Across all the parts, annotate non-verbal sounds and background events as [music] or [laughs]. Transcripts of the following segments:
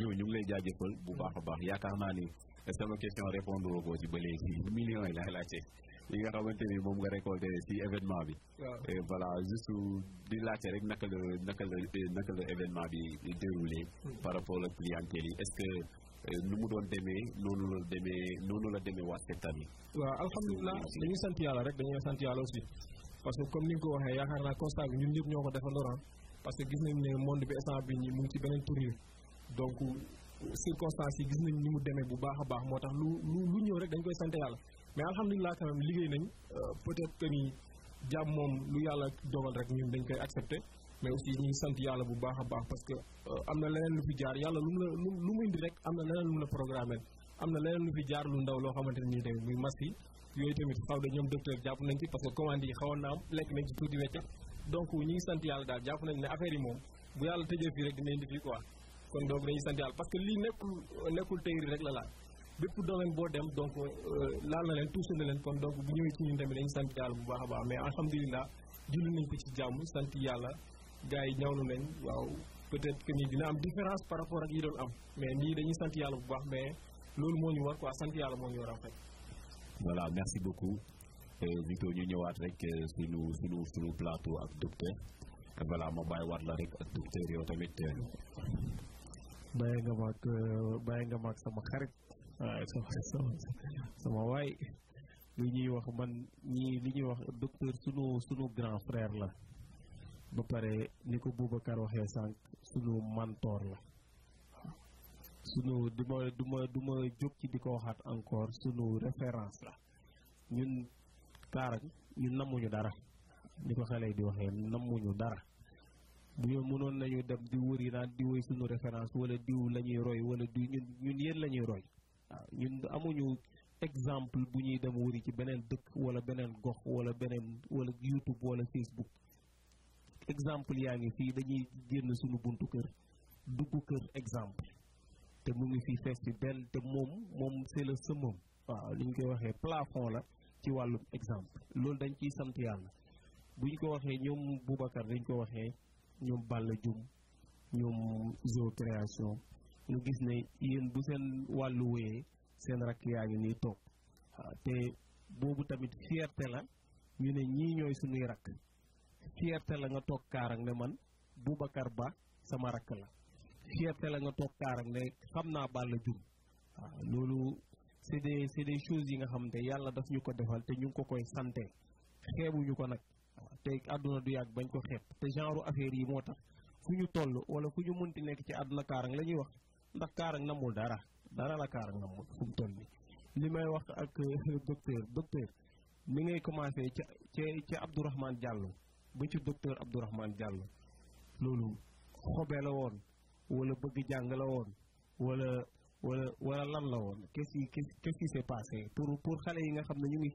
Jou ñu ngi lay jaajëfal bu baax a baax yaakaar naa ni sama question répondre woo ko ci ba léegi si [laughs] millions yi laay laajte li nga xamante ni moom nga récolté si événement bi. voilà juste di laajte rek naka la naka la événement bi déroulé. Hmm. par rapport ak clientèle yi est-ce que euh, nu mu doon demee noonu la demee noonu la demee waa Seetaan yi. waaw alhamdulilah dañuy sant rek dañuy sant aussi parce que comme ni nga ko waxee yaakaar naa constat bi donc circonstances yi gis nañ ni mu demee bu baax baax moo tax lu lu lu ñëw rek dañ koy sant yàlla mais alhamdulilah quand même liggéey nañ euh, peut-être que ni jàmm moom lu yàlla dogal rek ñun dañ koy accepté mais aussi yàlla bu baax a baax parce que euh, na leneen lu fi jaar yàlla lu mu na leneen ne nii tamit muy masque yi yooyu tamit xaw da ñoom docteur jàpp nañ ci parce que commande yi lekk nañ ci tuuti wecca donc ñu ngi sant yàlla daal jàpp nañ ne affaire moom bu yàlla tëjee rek dinañ di fii quoi kon donc dañuy sant yàlla parce que lii nekkul nekkul théorie rek la laal bépp domaine boo dem donc euh, laal na leen touché na leen kon donc bu ñëwee ci ñun tamit dañuy sant yàlla bu baax a baax mais alhamdulilah julli nañ ko ci jàmm sant yàlla gars yi ñawlu nañ waaw peut-être que nii dina am différence par rapport ak yi doon am mais nii dañuy sant yàlla bu baax mais loolu moo ñu war quoi sant yàlla moo ñu war en fait. voilà merci beaucoup Vito ñu ñëwaat rek euh, suñu suñu suñu plateau ak docteur voilà ma bàyyi waat tamit. bàyyi nga maag euh, bàyyi nga maag sama xarit sama sama sama waay ñuy wax man ñii li ñuy wax docteur sunu sunu grand frère la ba pare ni ko Boubacar waxee sànq sunu mentor la sunu du ma du ma jóg ci di ko waxaat encore sunu référence la ñun kaarag ñu namuñu dara ni ko xale yi di waxee namuñu dara bu yow mënoon nañu dem di wëri naan di woy suñu référence wala diw la ñuy roy wala diw ñun ñun yéen la ñuy roy waaw ñun amuñu exemple bu ñuy dem wëri ci beneen dëkk wala beneen gox wala beneen wala YouTube wala Facebook exemple yaa ngi fii dañuy génn suñu buntu kër dugg kër exemple te mu ngi fii fees benn te moom moom c'est le summum waaw li koy waxee plafond la ci wàllum exemple loolu dañ ciy sant yàlla bu ñu ko waxee ñoom Boubacar dañ ko waxee ñoom Balla Dioum ñoom Zo création ñu gis ne yéen bu seen wàllu wéyee seen rakk yaa ngi nii toog ah, te boobu tamit fierté la ñu ne ñii ñooy suñuy rakk fierté la nga toog kaarak ne man Boubacar Ba sama rakk la fierté la nga toog kaarak ne xam naa Balla Dioum waaw ah, loolu c'est des c'est des choses yi nga xam ne yàlla daf ñu ko defal te ñu ngi ko koy sante xeebuñu ko nag te àdduna du yàgg bañ ko xeeb te genre affaire yi moo tax fu ñu toll wala ku ñu mënti nekk ci àdduna kaarang la ñuy wax ndax kaarang namul dara dara la kaarang namul fu toll ni li may wax ak euh, docteur docteur mi ngay commencé ci ca ca Abdourahmane Diallo ba ci docteur Abdourahmane Diallo loolu xobe la woon wala bëgg jàng la woon wala wala lan la woon qu'est-ce qui quest xale yi nga xam ne ñu ngi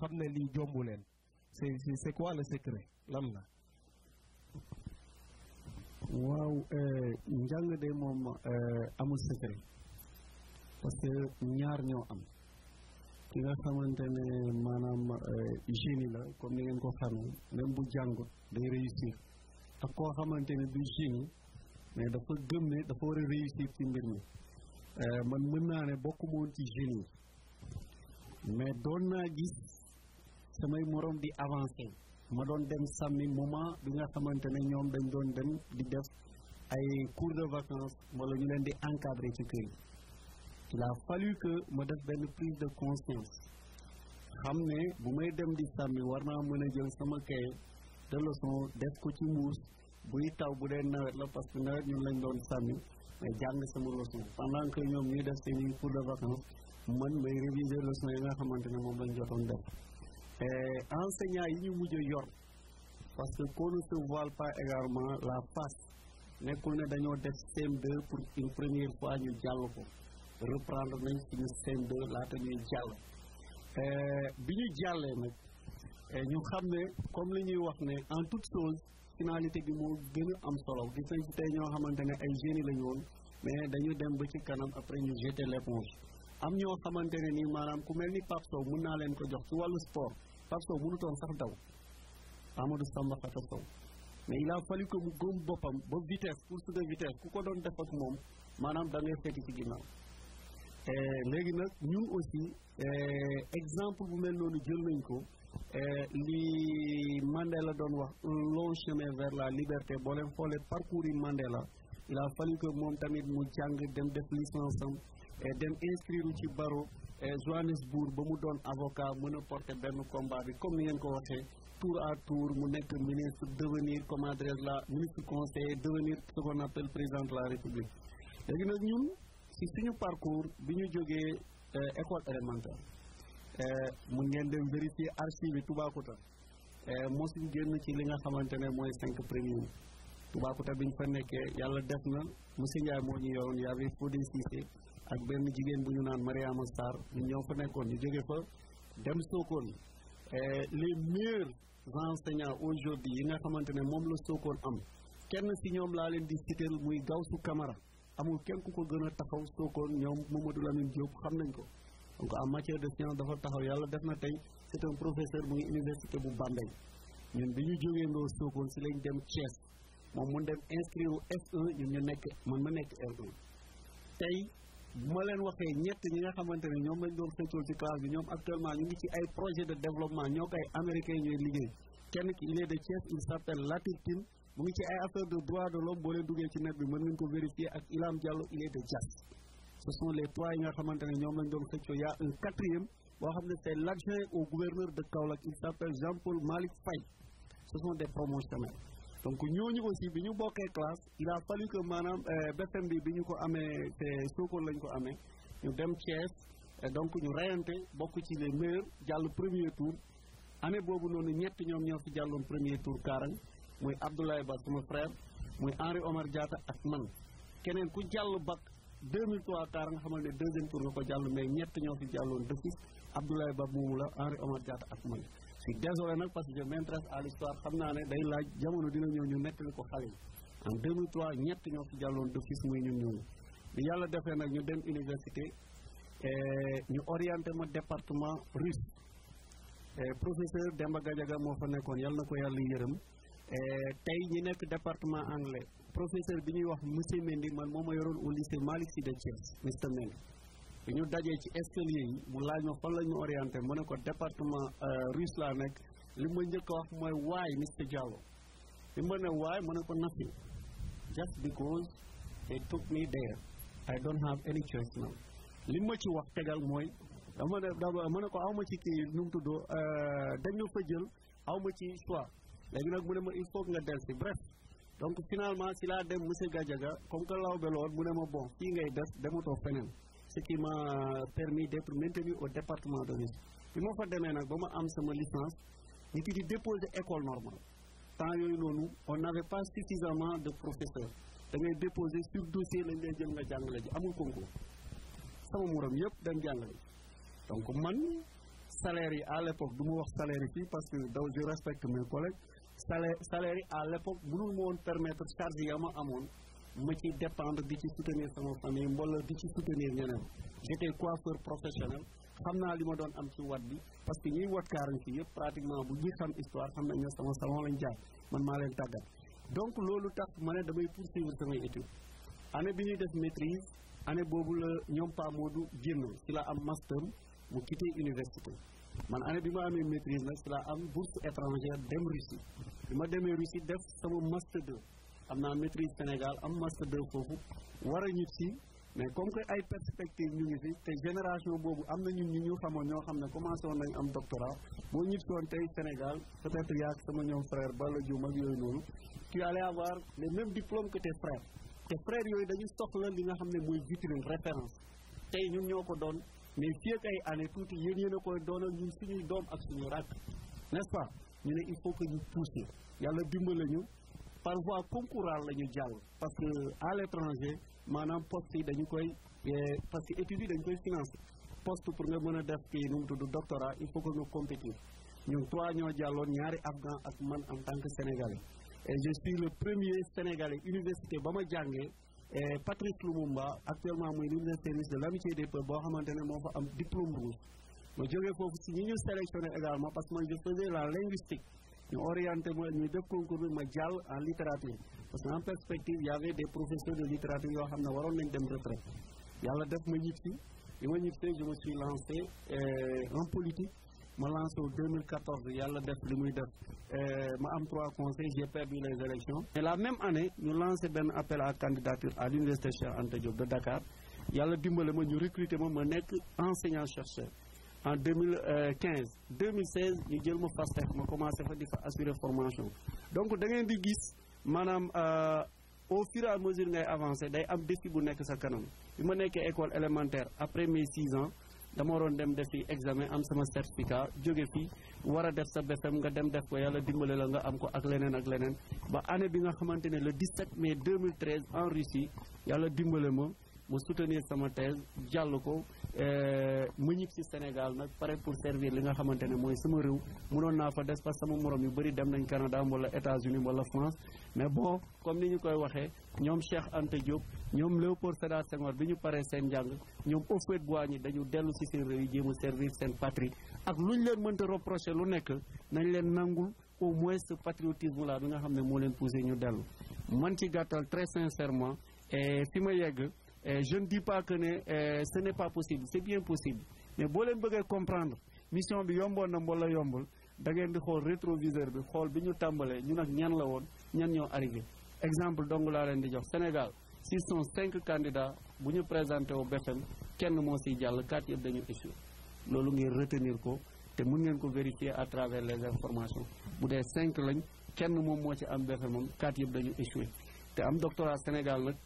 xam ne lii jombu leen c'est c'est quoi secret lan la waaw euh, njàng de moom euh, amul secret parce que ñaar ñoo am ki nga xamante maanaam euh, génie la comme ni ngeen ko xamee même bu jàngut day réussir ak koo xamante ne du génie mais dafa gëm ne dafa war a réussir ci mbir mi man mën naa ne bokk moon ci génie mais doon naa gis samay moroom di avancé ma doon dem sàmmi moment bi nga xamante ne ñoom dañ doon dem di def ay cours de vacances wala ñu leen di encadrer ci kër yi il a ma def benn prise de conscience xam ne bu may dem di sàmmi war naa mën a jël sama cahier de leçon def ko ci muus buy taw bu dee nawet la parce que nawet ñun lañ doon sàmmi mais jàng sama leçon pendant que ñoom ñuy def seeni cours de vacances man may réviser leçon yi nga xamante ne moom lañ jotoon def Euh, enseignants yi ñu mujj a yor parce que qu'on ne se voile pas également la face nekkul ne dañoo def cm pour une première fois ñu jàll ko reprendre nañ suñu CM2 laata ñuy jàll euh, bi ñu jàllee nag euh, ñu xam ne comme li ñuy wax ne en toute chose finalité bi moo gën am solo gis nañ ci tey ñoo xamante ne ay génie la woon mais dañu dem ba ci kanam après ñu jeter l'éponge am ñoo xamante ne nii maanaam ku mel ni Pape Sow mun naa leen ko jox ci wàllu sport Pape Sow mënutoon sax daw Amadou Samba Fata Sow mais il a fallu que mu góom boppam ba vitesse course de vitesse ku ko doon def ak moom maanaam da ngay fekk ci ginnaaw léegi nag ñun aussi eh, exemple bu mel noonu jël nañ ko eh, li Mandela doon wax un long chemin vers la liberté boo leen xoolee parcours yi Mandela il a fallu moom tamit mu jàng dem def licence am Eh, dem inscrire ci barreau eh, Johannesburg ba mu doon avocat mën a porter benn combat bi comme ni ngeen ko waxee tour à tour mu nekk ministre devenir comment dirais-je la ministre conseiller devenir ce qu'on président de la république léegi na ñun si suñu parcours bi ñu jógee eh, école élémentaire mun ngeen dem vérifier archive yi Toubacouta mosuñ génn ci li nga xamante ne mooy cinq premiers Toubacouta bi ñu fa nekkee yàlla def na monsieur Ndiaye moo ñu yoroon y avait ak benn jigéen bu ñu naan Mariama Sarr ñun ñoo fa nekkoon ñu jóge fa dem Sokone eh, les meilleurs enseignants aujourd'hui yi nga xamante ne moom la Sokone am kenn si ñoom laa leen di citer muy Gawsu Camara amul kenn ku ko gën a taxaw Sokone ñoom la Lamine Diop xam nañ ko donc am matière de science dafa taxaw yàlla def na tey c'est un professeur muy université bu Bambey ñun bi ñu jógee ndoo Sokone si lañ dem Thiès moom mu dem inscrire u f nekk man ma nekk r bu ma leen waxee ñett ñi nga xamante ne ñoom lañ doon xëccool ci classe bi ñoom actuellement ñu ngi ci ay projet de développement ñoo koy américain ñooy liggéey kenn ki il de Thiès il s'appelle Latif Tine mu ngi ci ay affaire de droit de l'homme boo leen duggee ci net bi mën nañ ko vérifier ak Ilam Diallo il de Diass ce sont les trois yi nga xamante ne ñoom lañ doon xëccoo y a un quatrième boo xam ne c'est l'adjoint au gouverneur de Kaolack il s'appelle donc ñooñu aussi bi ñu bokkee classe il a fallu que maanaam euh, BFM bi bi ñu ko amee te Sokone lañ ko amee ñu dem Thiès donc ñu reyante bokk ci les meilleurs jàll premier tour année boobu noonu ñett ñoom ñoo fi jàlloon premier tour Kaarang muy Abdoulaye Ba sama frère muy Henri Omar Diatta ak man keneen ku jàll bac 2003 Kaarang xamal ne deuxième tour nga ko jàll mais ñett ñoo fi jàlloon d'office Abdoulaye Ba moomu la Henri Omar Diatta ak man. si désolé nag parce que je à l'histoire xam naa ne day laaj jamono dina ñëw ñu nettali ko xale yi en trois ñett ñoo fi jàlloon d'office muy ñun ñooñu bi yàlla defee nag ñu dem université ñu orienté ma département russe professeur Demba Gadiaga moo fa nekkoon yàlla na ko yàlla yërëm tey ñi nekk département anglais professeur bi ñuy wax monsieur Mendy man moo ma yoroon au lycée Malick Sy de Thiès monsieur Mendy bi dajee ci escalier yi laaj ma fan ñu orienté mu ne ko département euh, Rus laa nekk li ma njëkk a wax mooy waay Mr Diallo li ma ne waay mu ne ko nothing just because they took me there I don't ma ci wax tegal mooy dama ne dama mu ne ko awma ci kii nu mu tudd euh, dañu fa jël awma ci choix léegi nag mu ne ma il faut nga delsi bref donc finalement si laa dem monsieur Gadiaga comme que law be mu ne ma bon fii ngay des dematoo feneen ce qui m'a permis d'être maintenu au département de Rufisque bi ma demee nag ba ma am sama licence ñu ngi di déposer école normale temps yooyu noonu on n'avait pas suffisamment de professeurs da ngay déposer sur dossier lañ lay jël nga jàngale ji amul yëpp dem jàngale ji donc yi à l'époque du wax salaire yi fii parce que daw je respecte mes collègues salaire salaire yi à l'époque mënul ma woon permettre ya ma amoon ma ci dépendre di ci soutenir sama famille mbooloo di ci soutenir ñeneen j'étais coiffeur professionnel xam naa li ma doon am ci wat bi parce que ñuy wat kaarañ fi yëpp pratiquement bu ñuy xam histoire xam nañ ne sama salon lañ jaar man maa leen tàggat donc loolu tax ma ne damay poursuivre samay études année bi ñuy def maîtrise année boobu la ñoom Pa Modou génn ci la am master mu quitté université man année bi ma amee maîtrise nag ci la am bourse étrangère dem Russie ma am naa maîtrise Sénégal am master 2 foofu war a ñib si mais comme que ay perspectives ñu ngi fi te génération boobu am na ñun ñu ñu xamoon ñoo xam ne commencé woon nañ am doctorat boo ñib si tey Sénégal peut être yaa sama ñoom frère Balla Dioum ak yooyu noonu tu allais avoir les mêmes diplômes que tes frères te frères yooyu dañu soxla li nga xam ne mooy vitrine référence tey ñun ñoo ko doon mais fii ay année tuuti yéen yéen a koy doonal ñun suñuy doom ak suñu rakk ñu ne il faut que ñu ñu par voie concourante la ñu jàll parce que à étranger maanaam poste yi dañu koy eh, parce que études yi dañu koy financer poste pour nga mën a def kii nu mu tudd doctorat il faut que nga compétir ñun trois ñoo jàlloon ñaari afghan ak man en tant que sénégalais et je suis le premier sénégalais université ba ma jàngee eh, Patrice Lumumba actuellement muy l'université de l'amitié des boo xamante ne moo fa am diplôme rouge ma jógee foofu si ñi ñu sélectionné également parce que man je faisais la linguistique ñu orienté ma ñu def concours ma jàll en littérature parce que en perspective y avait des professeurs de littérature yoo xam ne waroon nañ dem retraite yàlla def ma ñib si bi ma ñib see je me suis lancé euh, en politique ma lancé au 2014 yàlla def li muy def euh, ma am trois conseils j'ai perdu les élections mais la même année ñu lancé benn appel à candidature à l'université Cheikh Anta Diop de Dakar yàlla dimbale ma ñu recruter ma ma nekk enseignant chercheur en 2015 2016 euh, ñu jël ma FASTEF ma commencé fa di fa assurer formation donc da ngeen di gis maanaam euh, au fur mesure ngay avancé day am défi bu nekk sa kanam bi ma nekkee école élémentaire après mes 6 ans dama waroon dem def fi examen am sama certificat jóge fi war a def sa BFEM nga dem def ko yàlla dimbale la nga am ko ak leneen ak leneen ba année bi nga xamante ne le 17 mai 2013 en Russie yàlla dimbale ma. ma soutenir sama thèse jàll ko euh, ma ñib si Sénégal nag pare pour servir li nga xamante ne mooy sama réew munoon naa fa des parce sama morom yu bëri dem nañ Canada wala États-Unis wala France mais bon comme ni ñu koy waxee ñoom Cheikh Anta Diop ñoom Léopold Sédar Senghor bi ñu paree seen njàng ñoom Houphouët-Boigny dañu dellu si seen réew yi jéem a servir seen patrie ak lu ñu leen mënta reprocher lu nekk nañ leen nangul au moins ce patriotisme là bi nga xam ne moo leen poussé ñu dellu man ci gàttal Eh, je ne dis pas que ne eh, ce n'est pas possible c'est bien possible mais boo bëggee comprendre mission bi yomboon na la yombul da ngeen di xool rétroviseur bi xool bi ñu tàmbalee ñun ak ñan la woon ñan ñoo arrivé exemple dong laa leen di jox Sénégal s'ils sont cinq candidats bu ñu présenté au BFM kenn moo siy jàll quatre yëpp dañu échoué loolu ngeen retenir ko te mun ngeen ko vérifier à travers les informations bu dee cinq lañ kenn moom moo ci am BFM moom quatre yëpp dañu échoué te am doctorat Sénégal nag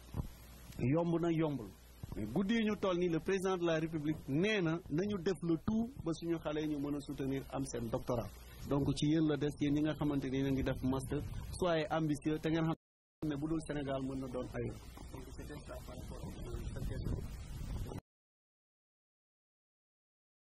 yomb na yombul mais guddi yi ñu toll nii le président de la république nee na nañu def le tout ba suñu xale ñu mën a soutenir am seen doctorat donc ci yéen la des yéen ñi nga xamante ni yéen ngi def master soyez ambitieux te ngeen xam ne bu dul Sénégal mën na doon ayoo